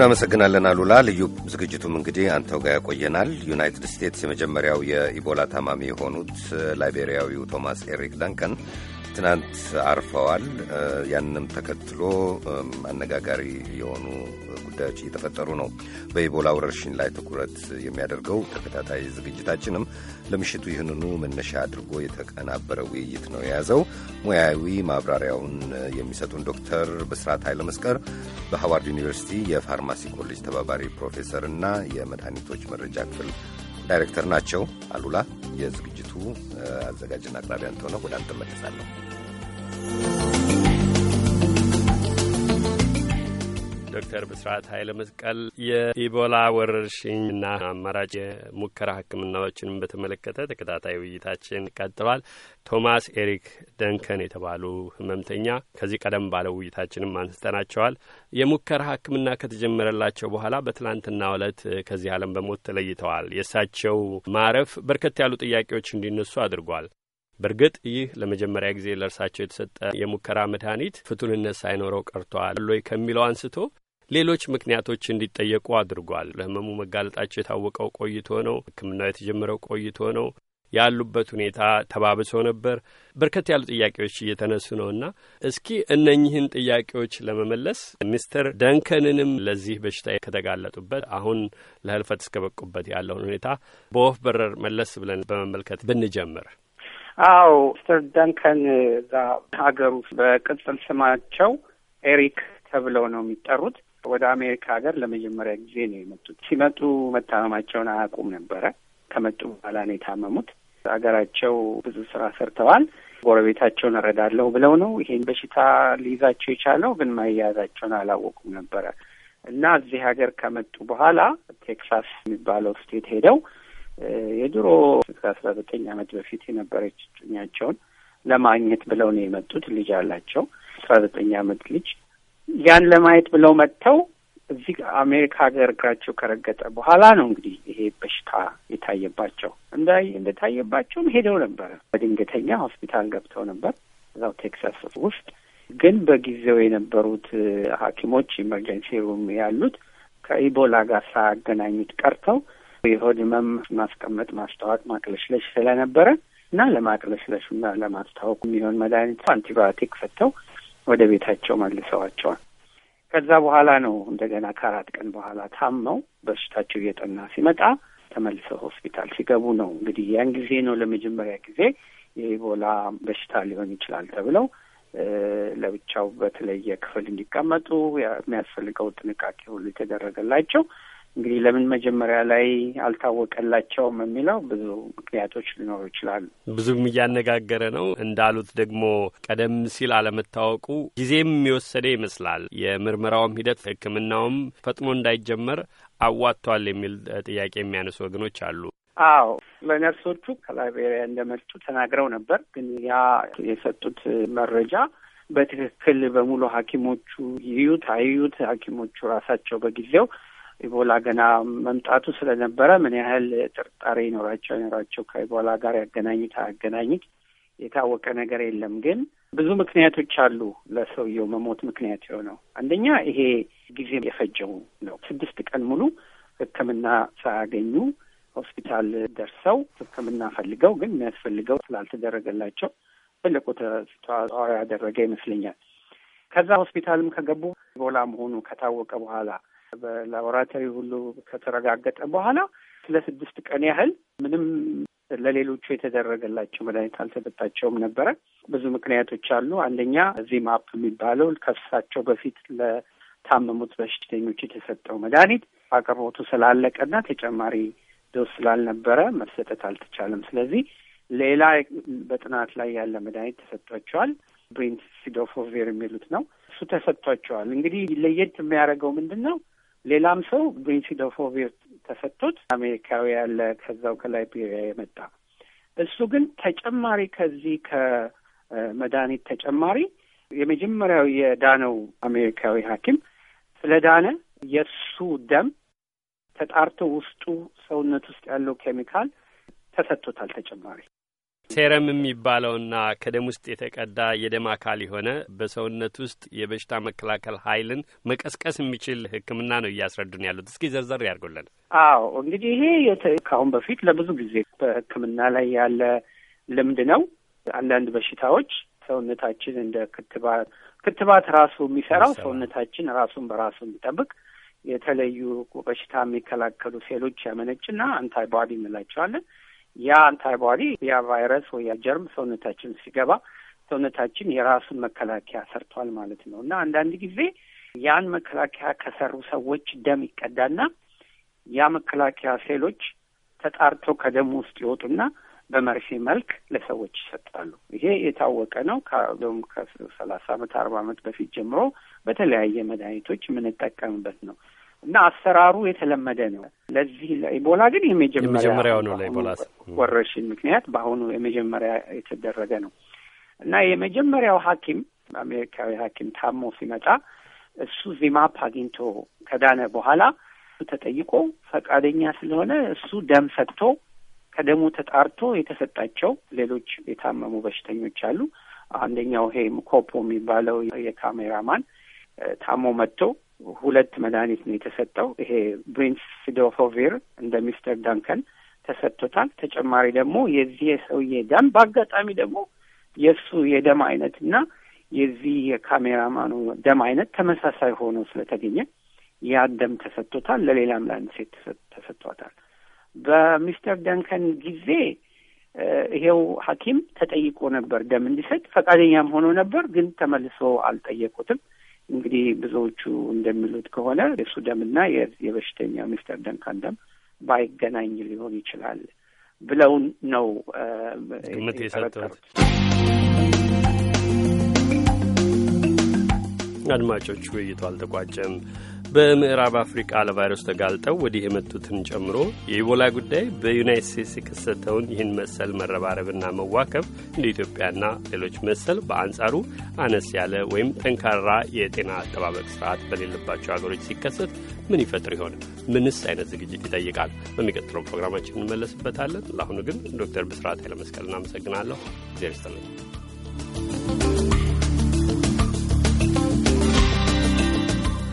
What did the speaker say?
እናመሰግናለን አሉላ። ልዩ ዝግጅቱም እንግዲህ አንተው ጋር ያቆየናል። ዩናይትድ ስቴትስ የመጀመሪያው የኢቦላ ታማሚ የሆኑት ላይቤሪያዊው ቶማስ ኤሪክ ዳንከን ትናንት አርፈዋል። ያንም ተከትሎ አነጋጋሪ የሆኑ ጉዳዮች እየተፈጠሩ ነው። በኢቦላ ወረርሽኝ ላይ ትኩረት የሚያደርገው ተከታታይ ዝግጅታችንም ለምሽቱ ይህንኑ መነሻ አድርጎ የተቀናበረ ውይይት ነው የያዘው። ሙያዊ ማብራሪያውን የሚሰጡን ዶክተር ብስራት ኃይለ መስቀር በሃዋርድ ዩኒቨርሲቲ የፋርማሲ ኮሌጅ ተባባሪ ፕሮፌሰር እና የመድኃኒቶች መረጃ ክፍል ዳይሬክተር ናቸው። አሉላ የዝግጅቱ አዘጋጅና አቅራቢ አንተው ነው። ወደ አንተ መለሳለሁ። ዶክተር ብስራት ኃይለ መስቀል የኢቦላ ወረርሽኝና አማራጭ የሙከራ ሕክምናዎችንም በተመለከተ ተከታታይ ውይይታችን ይቀጥላል። ቶማስ ኤሪክ ደንከን የተባሉ ህመምተኛ ከዚህ ቀደም ባለው ውይይታችንም አንስተናቸዋል። የሙከራ ሕክምና ከተጀመረላቸው በኋላ በትላንትናው ዕለት ከዚህ ዓለም በሞት ተለይተዋል። የእሳቸው ማረፍ በርከት ያሉ ጥያቄዎች እንዲነሱ አድርጓል። በእርግጥ ይህ ለመጀመሪያ ጊዜ ለእርሳቸው የተሰጠ የሙከራ መድኃኒት ፍቱንነት ሳይኖረው ቀርቷል ሎይ ከሚለው አንስቶ ሌሎች ምክንያቶች እንዲጠየቁ አድርጓል። ለህመሙ መጋለጣቸው የታወቀው ቆይቶ ነው። ሕክምናው የተጀመረው ቆይቶ ነው። ያሉበት ሁኔታ ተባብሶ ነበር። በርከት ያሉ ጥያቄዎች እየተነሱ ነውና እስኪ እነኚህን ጥያቄዎች ለመመለስ ሚስተር ደንከንንም ለዚህ በሽታ ከተጋለጡበት አሁን ለህልፈት እስከበቁበት ያለውን ሁኔታ በወፍ በረር መለስ ብለን በመመልከት ብንጀምር። አዎ ሚስተር ደንከን እዛ ሀገር ውስጥ በቅጽል ስማቸው ኤሪክ ተብለው ነው የሚጠሩት። ወደ አሜሪካ ሀገር ለመጀመሪያ ጊዜ ነው የመጡት። ሲመጡ መታመማቸውን አያውቁም ነበረ። ከመጡ በኋላ ነው የታመሙት። ሀገራቸው ብዙ ስራ ሰርተዋል። ጎረቤታቸውን እረዳለሁ ብለው ነው ይሄን በሽታ ሊይዛቸው የቻለው፣ ግን መያዛቸውን አላወቁም ነበረ እና እዚህ ሀገር ከመጡ በኋላ ቴክሳስ የሚባለው ስቴት ሄደው የድሮ ከአስራ ዘጠኝ አመት በፊት የነበረች እጮኛቸውን ለማግኘት ብለው ነው የመጡት። ልጅ አላቸው አስራ ዘጠኝ አመት ልጅ ያን ለማየት ብለው መጥተው እዚህ አሜሪካ ሀገር እግራቸው ከረገጠ በኋላ ነው እንግዲህ ይሄ በሽታ የታየባቸው። እንዳ እንደታየባቸውም ሄደው ነበረ። በድንገተኛ ሆስፒታል ገብተው ነበር እዛው ቴክሳስ ውስጥ። ግን በጊዜው የነበሩት ሐኪሞች ኢመርጀንሲ ሩም ያሉት ከኢቦላ ጋር ሳያገናኙት ቀርተው የሆድ ህመም ማስቀመጥ፣ ማስታወቅ፣ ማቅለሽለሽ ስለነበረ እና ለማቅለሽለሹና ለማስታወቁ የሚሆን መድኃኒት አንቲባዮቲክ ፈተው ወደ ቤታቸው መልሰዋቸዋል። ከዛ በኋላ ነው እንደገና ከአራት ቀን በኋላ ታመው በሽታቸው እየጠና ሲመጣ ተመልሰው ሆስፒታል ሲገቡ ነው እንግዲህ ያን ጊዜ ነው ለመጀመሪያ ጊዜ የኢቦላ በሽታ ሊሆን ይችላል ተብለው ለብቻው በተለየ ክፍል እንዲቀመጡ የሚያስፈልገው ጥንቃቄ ሁሉ የተደረገላቸው እንግዲህ ለምን መጀመሪያ ላይ አልታወቀላቸውም የሚለው ብዙ ምክንያቶች ሊኖሩ ይችላሉ። ብዙም እያነጋገረ ነው። እንዳሉት ደግሞ ቀደም ሲል አለመታወቁ ጊዜም የወሰደ ይመስላል። የምርመራውም ሂደት ሕክምናውም ፈጥኖ እንዳይጀመር አዋጥቷል የሚል ጥያቄ የሚያነሱ ወገኖች አሉ። አዎ ለነርሶቹ ከላይቤሪያ እንደመጡ ተናግረው ነበር። ግን ያ የሰጡት መረጃ በትክክል በሙሉ ሐኪሞቹ ይዩት አይዩት ሐኪሞቹ ራሳቸው በጊዜው ኢቦላ ገና መምጣቱ ስለነበረ ምን ያህል ጥርጣሬ ይኖራቸው አይኖራቸው ከኢቦላ ጋር ያገናኙት አያገናኙት የታወቀ ነገር የለም። ግን ብዙ ምክንያቶች አሉ ለሰውየው መሞት ምክንያት የሆነው አንደኛ ይሄ ጊዜ የፈጀው ነው። ስድስት ቀን ሙሉ ሕክምና ሳያገኙ ሆስፒታል ደርሰው ሕክምና ፈልገው ግን የሚያስፈልገው ስላልተደረገላቸው ትልቁ ተዋሪ ያደረገ ይመስለኛል። ከዛ ሆስፒታልም ከገቡ ኢቦላ መሆኑ ከታወቀ በኋላ በላቦራቶሪ ሁሉ ከተረጋገጠ በኋላ ስለ ስድስት ቀን ያህል ምንም ለሌሎቹ የተደረገላቸው መድኃኒት አልተሰጣቸውም ነበረ። ብዙ ምክንያቶች አሉ። አንደኛ ማፕ የሚባለው ከእሳቸው በፊት ለታመሙት በሽተኞች የተሰጠው መድኃኒት አቅርቦቱ ስላለቀና ተጨማሪ ዶስ ስላልነበረ መሰጠት አልተቻለም። ስለዚህ ሌላ በጥናት ላይ ያለ መድኃኒት ተሰጥቷቸዋል። ብሬንሲዶፎቪር የሚሉት ነው። እሱ ተሰጥቷቸዋል። እንግዲህ ለየት የሚያደርገው ምንድን ነው? ሌላም ሰው ብሪንሲድ ኦፍ ኦቪር ተሰጥቶት አሜሪካዊ ያለ ከዛው ከላይቤሪያ የመጣ እሱ ግን ተጨማሪ ከዚህ ከመድኃኒት ተጨማሪ የመጀመሪያው የዳነው አሜሪካዊ ሐኪም ስለ ዳነ የእሱ ደም ተጣርቶ ውስጡ ሰውነት ውስጥ ያለው ኬሚካል ተሰጥቶታል ተጨማሪ ሴረም የሚባለውና ከደም ውስጥ የተቀዳ የደም አካል የሆነ በሰውነት ውስጥ የበሽታ መከላከል ኃይልን መቀስቀስ የሚችል ሕክምና ነው እያስረዱን ያሉት። እስኪ ዘርዘር ያርጎለን አዎ እንግዲህ ይሄ ከአሁን በፊት ለብዙ ጊዜ በሕክምና ላይ ያለ ልምድ ነው። አንዳንድ በሽታዎች ሰውነታችን እንደ ክትባት ክትባት ራሱ የሚሰራው ሰውነታችን ራሱን በራሱ የሚጠብቅ የተለዩ በሽታ የሚከላከሉ ሴሎች ያመነጭና አንታይባዲ እንላቸዋለን ያ አንታይባዲ ያ ቫይረስ ወይ ጀርም ሰውነታችን ሲገባ ሰውነታችን የራሱን መከላከያ ሰርቷል ማለት ነው እና አንዳንድ ጊዜ ያን መከላከያ ከሰሩ ሰዎች ደም ይቀዳና ያ መከላከያ ሴሎች ተጣርተው ከደም ውስጥ ይወጡና በመርፌ መልክ ለሰዎች ይሰጣሉ። ይሄ የታወቀ ነው። ከዶም ከሰላሳ አመት አርባ አመት በፊት ጀምሮ በተለያየ መድኃኒቶች የምንጠቀምበት ነው። እና አሰራሩ የተለመደ ነው። ለዚህ ለኢቦላ ግን የመጀመሪያው ነው። ለኢቦላ ወረርሽኝ ምክንያት በአሁኑ የመጀመሪያ የተደረገ ነው እና የመጀመሪያው ሐኪም አሜሪካዊ ሐኪም ታሞ ሲመጣ እሱ ዚማፕ አግኝቶ ከዳነ በኋላ ተጠይቆ ፈቃደኛ ስለሆነ እሱ ደም ሰጥቶ ከደሙ ተጣርቶ የተሰጣቸው ሌሎች የታመሙ በሽተኞች አሉ። አንደኛው ይሄ ኮፖ የሚባለው የካሜራማን ታሞ መጥቶ ሁለት መድኃኒት ነው የተሰጠው። ይሄ ብሪንስዶፎቪር እንደ ሚስተር ዳንከን ተሰጥቶታል። ተጨማሪ ደግሞ የዚህ ሰውዬ ደም በአጋጣሚ ደግሞ የእሱ የደም አይነት እና የዚህ የካሜራማኑ ደም አይነት ተመሳሳይ ሆኖ ስለተገኘ ያ ደም ተሰጥቶታል። ለሌላም ለአንድ ሴት ተሰጥቷታል። በሚስተር ዳንከን ጊዜ ይሄው ሐኪም ተጠይቆ ነበር ደም እንዲሰጥ ፈቃደኛም ሆኖ ነበር፣ ግን ተመልሶ አልጠየቁትም። እንግዲህ ብዙዎቹ እንደሚሉት ከሆነ ደምና የበሽተኛ ሚስተር ደንካን ደም ባይገናኝ ሊሆን ይችላል ብለው ነው ግምት የሰጡት። አድማጮች ውይይቱ አልተቋጨም። በምዕራብ አፍሪቃ ለቫይረስ ተጋልጠው ወዲህ የመጡትን ጨምሮ የኢቦላ ጉዳይ በዩናይት ስቴትስ የከሰተውን ይህን መሰል መረባረብና መዋከብ እንደ ኢትዮጵያና ሌሎች መሰል በአንጻሩ አነስ ያለ ወይም ጠንካራ የጤና አጠባበቅ ስርዓት በሌለባቸው ሀገሮች ሲከሰት ምን ይፈጥር ይሆን? ምንስ አይነት ዝግጅት ይጠይቃል? በሚቀጥለው ፕሮግራማችን እንመለስበታለን። ለአሁኑ ግን ዶክተር ብስራት ኃይለመስቀል እናመሰግናለሁ። ዜር ይስጥልኝ።